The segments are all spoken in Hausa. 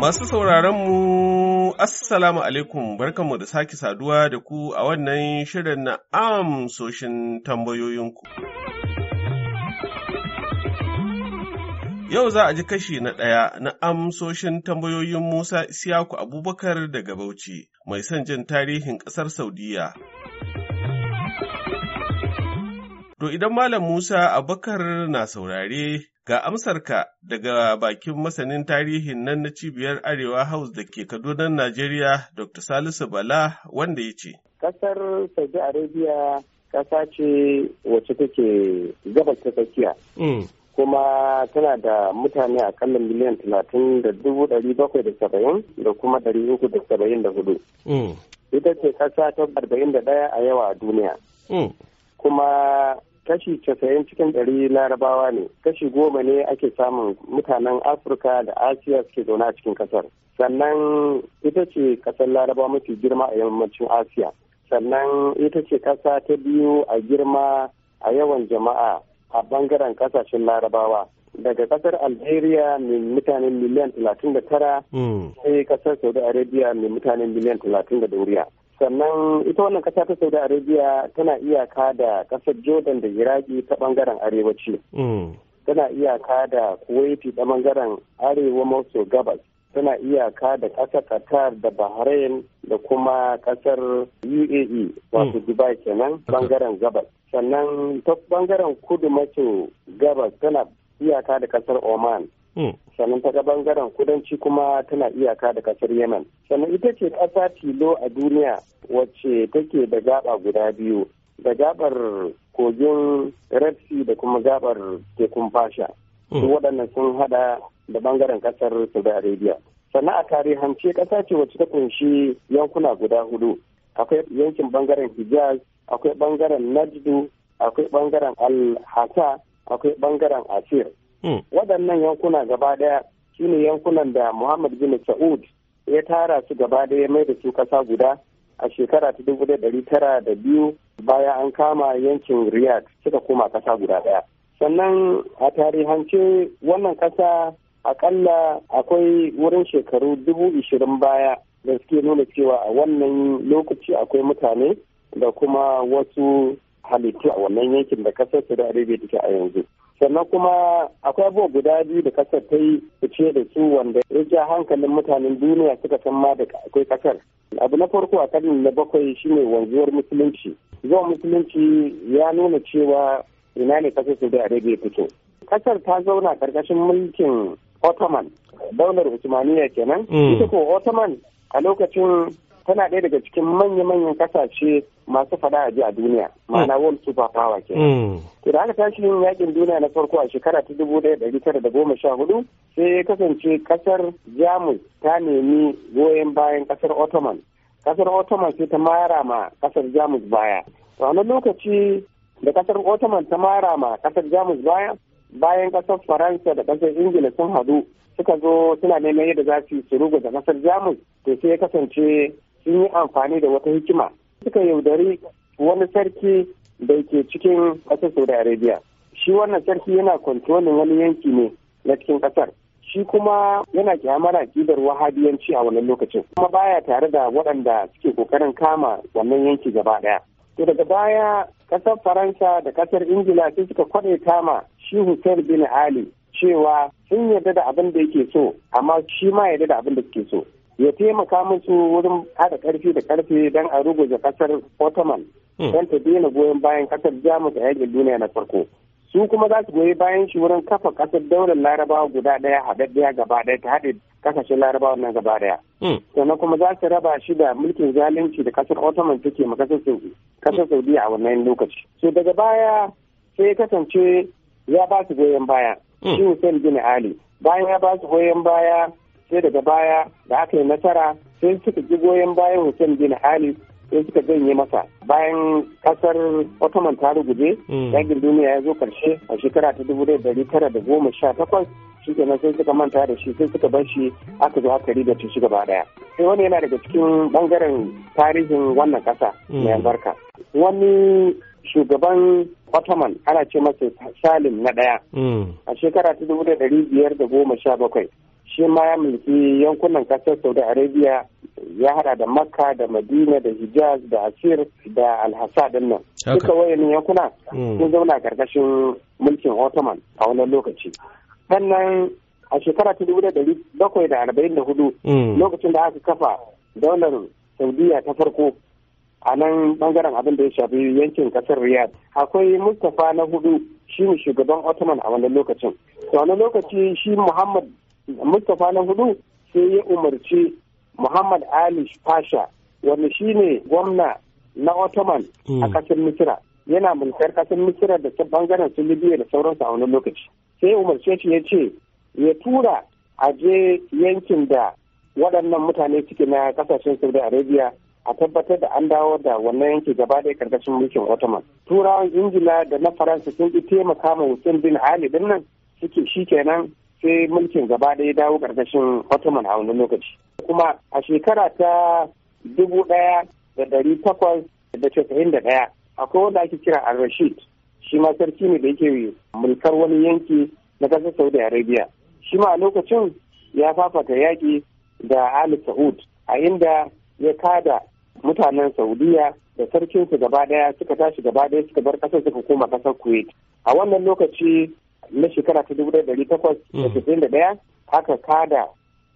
Masu mu Assalamu alaikum, barkanmu da sake saduwa da ku a wannan shirin na amsoshin tambayoyinku. Yau za a ji kashi na ɗaya na amsoshin tambayoyin Musa Isiyaku Abubakar daga Bauchi, mai son jin tarihin ƙasar Saudiya. To idan Malam Musa Abubakar na saurare Ga amsarka daga bakin masanin tarihin nan na cibiyar Arewa House da ke Kaduna, Najeriya, Dr. Salisu Bala, wanda ya ce. Kasar Saudi Arabia kasa ce wacce take gabas ta tsakiya. Mm. kuma tana da mutane akalla miliyan talatin da dubu dari bakwai da saba'in da kuma dari uku da saba'in da hudu. Mm. Ita ce ƙasa ta arba'in da ɗaya a yawa a duniya. Mm. Kuma kashi casa'in cikin ɗari larabawa ne kashi goma ne ake samun mutanen afirka da asiya suke zaune a cikin ƙasar. sannan ita ce kasar laraba mafi girma a yammacin asiya sannan ita ce kasa ta biyu a girma a yawan jama'a a bangaren ƙasashen larabawa daga ƙasar algeria mai mutane miliyan 39 hmm. sai ƙasar saudi arabia mai mutane miliyan 30 da duriya sannan ita wannan kasa ta saudi arabia tana iyaka da kasar jordan da iraki ta bangaren arewaci mm. tana iyaka da kuwaiti ta bangaren arewa maso gabas tana iyaka da ƙasar qatar da bahrain da kuma ƙasar uae wato mm. dubai kenan bangaren gabas sannan ta bangaren kudu maso gabas tana iyaka da ƙasar oman Hmm. sannan ta ga bangaren kudanci kuma tana iyaka da kasar yemen sannan ita ce ƙasa tilo a duniya wacce take da gaba guda biyu da gabar kogin red sea da kuma gabar tekun fasha hmm. waɗannan sun hada da bangaren kasar saudi arabia sannan a tarihance ƙasa ce wacce ta kunshi yankuna guda hudu akwai yankin bangaren hijaz akwai bangaren najdu akwai bangaren alhasa akwai bangaren asir Hmm. waɗannan yankuna gaba ɗaya ne yankunan da muhammad bin sa'ud ya tara su gaba ɗaya mai da su ƙasa guda a shekara ta dubu da ɗari tara da biyu baya an kama yankin riyadh suka koma ƙasa guda ɗaya sannan a tarihance wannan ƙasa akalla akwai wurin shekaru dubu ishirin baya da suke nuna cewa a wannan lokaci akwai mutane da kuma wasu halittu a wannan yankin da kasar su da arabia take a yanzu sannan kuma akwai abubuwa guda biyu da kasar ta yi fice da su wanda ya ja hankalin mutanen duniya suka san ma da akwai kasar abu na farko a karni na bakwai shine wanzuwar musulunci zuwa musulunci ya nuna cewa ina ne kasar da arabia fito kasar ta zauna karkashin mulkin ottoman daular usmaniya kenan mm. ita ko ottoman a lokacin tana ɗaya daga cikin manya-manyan kasashe masu fada a ji a duniya ma'ana mm. world super power ke mm. to da aka tashi yin yakin duniya na farko a shekara ta dubu ɗaya ɗari tara da goma sha hudu sai ya kasance kasar jamus ta nemi goyon bayan kasar ottoman kasar ottoman sai ta mara ma kasar jamus baya to wani lokaci da kasar ottoman ta mara ma kasar jamus baya bayan kasar faransa da kasar ingila sun hadu suka zo suna neman yadda za su yi su ruguza kasar jamus to sai ya kasance sun yi amfani da wata hikima suka yaudari wani sarki da ke cikin ƙasar saudi arabia shi wannan sarki yana kwantonin wani yanki ne na cikin ƙasar shi kuma yana kyamar kibar wahadiyanci a wannan lokacin kuma baya tare da waɗanda suke ƙoƙarin kama wannan yanki gaba ɗaya to daga baya ƙasar faransa da ƙasar ingila sai suka kwaɗe kama shi hussein bin ali cewa sun yarda da abin da yake so amma shi ma yarda da abin da suke so ya taimaka musu wurin haɗa karfi da ƙarfi don a ruguje kasar ottoman hmm. don ta daina goyon bayan kasar jamus a yankin duniya na farko su kuma za su goyi bayan shi wurin kafa kasar daular larabawa guda ɗaya haɗaɗɗiya gaba daya ta haɗe kasashen larabawa nan gaba daya hmm. sannan kuma za su raba shi da mulkin zalunci da kasar ottoman take ma kasar saudiya a wannan lokaci so daga baya sai kasance ya ba su goyon baya hmm. shi hussein bin ali bayan ya ba su goyon baya sai daga baya da aka yi nasara sai suka ji goyon bayan hussein bin ali sai suka janye masa bayan kasar ottoman ta ruguje hmm. yakin duniya ya zo karshe a shekara ta dubu dari tara da goma sha takwas shi kenan sai suka manta da shi sai suka bar shi aka zo aka riga shiga gaba daya sai wani yana daga cikin bangaren tarihin wannan kasa hmm. mai albarka wani shugaban Ottoman ana ce masa Salim na ɗaya. Hmm. A shekara ta dubu daya dari biyar da goma sha bakwai shi ma ya mulki yankunan kasar saudi arabia ya hada da makka da madina da hijaz da asir da alhassa din nan duka wayannan yankuna mm. sun zauna karkashin mulkin ottoman a wannan lokaci sannan a shekara ta dubu da dari bakwai da arba'in da hudu mm. lokacin da aka kafa daular saudiya ta farko a nan bangaren abin da ya shafi yankin kasar riyadh akwai mustapha na hudu shi ne shugaban ottoman a wannan lokacin to a wannan lokaci shi muhammad mustapha na hudu sai ya umarci muhammad ali pasha wanda shine gwamna na ottoman a kasar hmm. misira yana mulkar kasar misira da ta bangaren su libya da sauransu a wani lokaci sai umarce shi ya ce ya tura a je yankin da waɗannan mutane suke na kasashen saudi arabia a tabbatar da an dawo da wannan yanki gaba ɗaya ƙarƙashin mulkin ottoman turawan ingila da na faransa sun ki taimaka ma hussein bin ali din nan suke shi sai mulkin gaba da ya dawo ƙarƙashin Ottoman a wani lokaci. Kuma a shekara ta dubu ɗaya da ɗari takwas da casa'in da ɗaya akwai wanda ake kira a rashid shi ma sarki ne da yake mulkar wani yanki na ƙasar Saudi Arabia. Shi ma a lokacin ya fafata yaƙi da Ali Saud a inda ya kada mutanen Saudiya da sarkinsu gaba ɗaya suka tashi gaba ɗaya suka bar ƙasar suka koma ƙasar Kuwait. A wannan lokaci na shekara ta dubu ɗari takwas da mm. tafiyin da ɗaya aka kada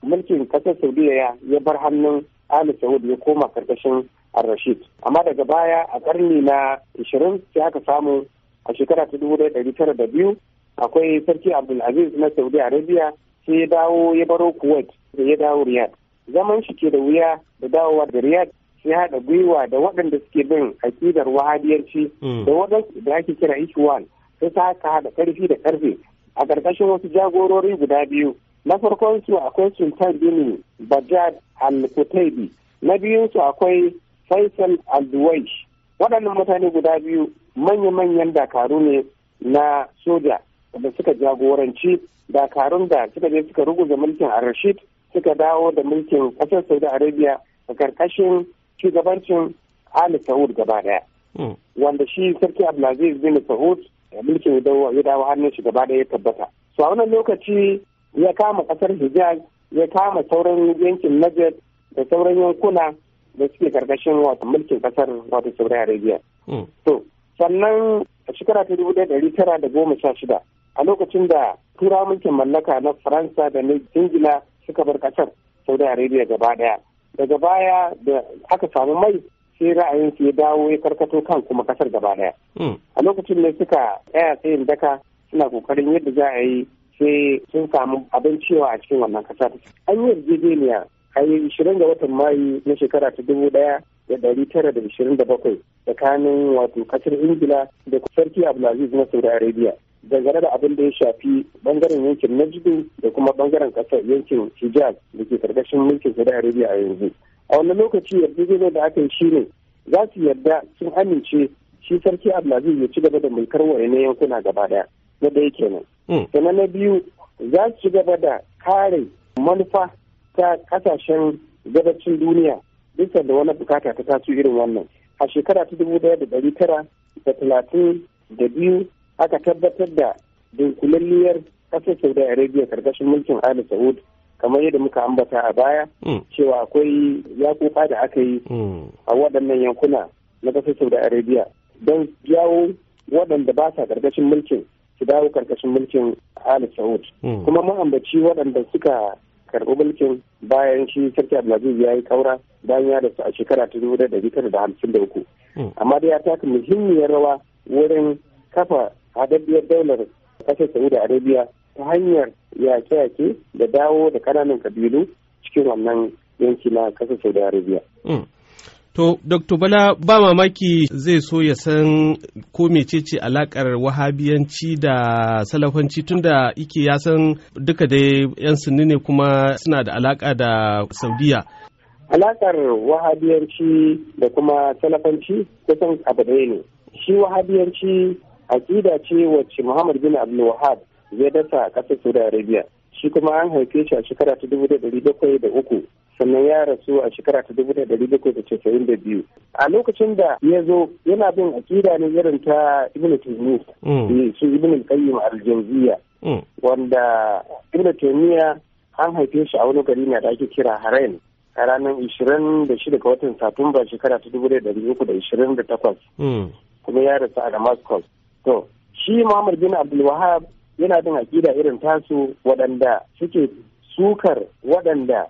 mulkin ƙasar saudiya ya bar hannun ali saudi ya koma karkashin al-rashid amma daga baya a ƙarni na ashirin sai aka samu a shekara ta dubu ɗari tara da biyu akwai sarki abdulaziz na saudi arabia sai ya dawo ya baro kuwait da ya dawo riyad zaman shi ke da wuya da dawowa da riyad sai haɗa gwiwa da waɗanda suke bin aƙidar wahadiyarci mm. da waɗanda ake kira ikhwan sai ta haka da ƙarfi da ƙarfe a ƙarƙashin wasu jagorori guda biyu na farkon su akwai sultan bin bajad al kutaibi na biyun su akwai faisal al duwaish waɗannan mutane guda biyu manya-manyan dakaru ne na soja da suka jagoranci dakarun da suka je suka ruguza mulkin a rashid suka dawo da mulkin ƙasar saudi arabia a ƙarƙashin shugabancin ali saud gaba ɗaya hmm. wanda shi sarki abdulaziz bin saud mulkin ya dawo hannun shi gaba ya tabbata su a wannan lokaci ya kama kasar hijaz ya kama sauran yankin najd da sauran yankuna da suke karkashin wato mulkin kasar wato saudi arabia hmm. to sannan a shekara ta dubu ɗaya ɗari tara da goma sha shida a lokacin da tura mulkin mallaka na faransa da na ingila suka bar kasar saudi arabia gaba ɗaya daga baya da aka samu mai sai su ya dawo ya karkato kan kuma kasar gaba daya hmm. a lokacin da suka tsaya tsayin daka suna kokarin yadda za a yi sai sun samu abin cewa a cikin wannan kasa an yi yarjejeniya a yi ishirin ga watan mayu na shekara ta dubu daya da dari tara da ishirin da bakwai tsakanin wato kasar ingila da sarki abdulaziz na saudi arabia dangane da abin da ya shafi bangaren yankin najdu da kuma bangaren kasar yankin hijaz da ke karkashin mulkin saudi arabia a yanzu a wani lokaci yarjejeniyar da aka yi ne za su yarda sun amince shi sarki abdulaziz ya ci gaba da mulkar na yankuna gaba daya na da yake nan na biyu za su ci gaba da kare manufa ta kasashen gabacin duniya bisa da wani bukata ta taso irin wannan a shekara ta dubu daya da dari tara da talatin da biyu aka tabbatar da dunkulalliyar ƙasar saudi arabia karkashin mulkin ali saud kamar yadda muka ambata a baya mm. cewa akwai yakuka da aka yi mm. a waɗannan yankuna na ƙasar saudi arabia don jawo waɗanda ba sa ƙarƙashin mulkin su dawo ƙarƙashin mulkin ali saud mm. kuma ma'ambaci waɗanda suka karɓi mulkin bayan shi sarki abdulaziz ya yi kaura bayan ya rasu a shekara ta dubu da tara da hamsin da uku amma dai ya taka muhimmiyar rawa wurin kafa haɗaɗɗiyar daular ƙasar saudi arabia ta hanyar yake-yake da dawo da ƙananan kabilu cikin wannan yanki na kasar saudi arabia hmm. To, Dr. Bala ba mamaki zai so ya san ko mecece alakar wahabiyanci da salafanci tunda ike ya san duka dai 'yan sunni ne kuma suna da alaka da Saudiya. Alakar wahabiyanci da kuma salafanci kusan abu ɗaya ne. Shi wahabiyanci aƙida ce wacce Muhammad bin Abdul ya dasa a ƙasar saudi arabia shi kuma an haife shi a shekara ta dubu ɗari dari bakwai da uku sannan ya rasu a shekara ta dubu ɗari dari bakwai da casa'in da biyu a lokacin da ya zo yana bin aƙida ne irin ta ibn taymiya mm. eh, su ibn qayyim al mm. wanda ibn taymiya an haife shi a wani gari ne da ake kira harain a ranar ishirin da shida ga watan satumba shekara ta dubu ɗari dari uku da ishirin da takwas mm. kuma ya rasu a damascus to shi muhammad bin wahab yana bin aƙida irin tasu waɗanda suke sukar waɗanda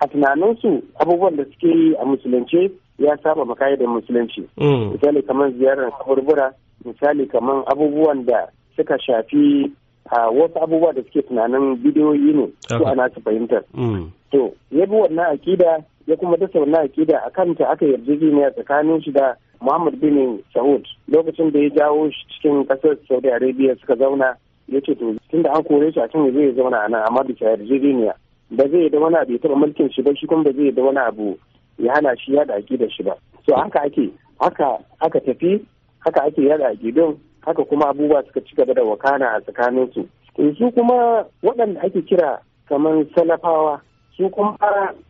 a tunaninsu abubuwan da suke yi a musulunci ya saba makayar da musulunci mm. misali kamar ziyarar kaburbura misali kamar abubuwan da suka shafi a wasu abubuwa da suke tunanin bidiyoyi ne su ana su fahimtar mm. to ya bi wannan aƙida ya kuma dasa wannan aƙida a kanta aka yarda yarjejeniya tsakanin shi da Muhammad bin Saud lokacin da ya jawo shi cikin ƙasar Saudi Arabia suka zauna ya ce to da an kore shi a kan zai zauna a nan amma bisa yarjejeniya ba zai yi da wani abu ya taɓa mulkin shi ba shi kuma ba zai yi da wani abu ya hana shi yada da shi ba To haka ake haka haka tafi haka ake yada Don haka kuma abubuwa suka ci gaba da wakana a tsakanin su su kuma waɗanda ake kira kamar salafawa su kuma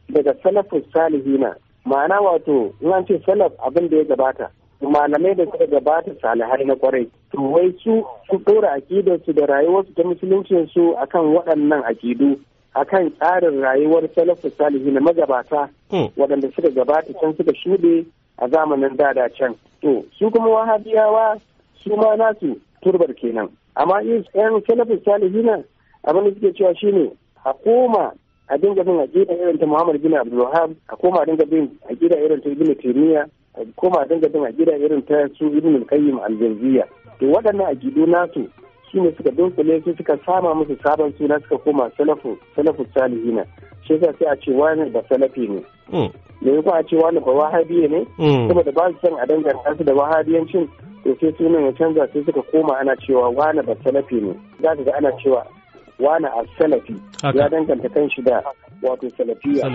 daga salihi salihina ma'ana wato in an ce salaf abin da ya gabata malamai da suka gabata salihai na kwarai to wai su su ɗora akidarsu da rayuwarsu ta musuluncin su akan waɗannan akidu a kan tsarin rayuwar salafu salihi na magabata hmm. waɗanda suka gabata can suka shuɗe a zamanin dada can to su kuma wahabiyawa su ma nasu turbar kenan amma yan salafu salihi na abin da suke cewa shine a koma a dinga bin aƙida irin ta Muhammad bin abdulwahab a koma a dinga bin aƙida irin ta Ibn Taymiyyah a koma a dinga bin aƙida irin ta su Ibn Qayyim al to waɗannan a gido nasu shine suka dunkule su suka sama musu sabon suna suka koma salafu salafu salihina shi yasa sai a ce wani ba salafi ne me hmm. ko a ce wani ba wahabiye ne hmm. saboda ba su san a danganta su da wahabiyancin to sai sunan ya canza sai suka koma ana cewa wani ba salafi ne za ka ga ana cewa wani a salafi ya danganta kan shi da wato salafiya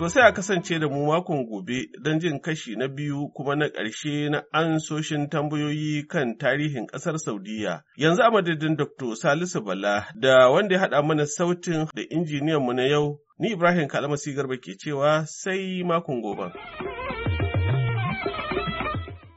To sai a kasance da mu makon gobe don jin kashi na biyu kuma na ƙarshe na ansoshin tambayoyi kan tarihin ƙasar Saudiyya. Yanzu a madadin Dr. Salisu Bala da wanda ya haɗa mana sautin da injiniyanmu na yau, ni Ibrahim Kalmasi Garba ke cewa sai makon goben.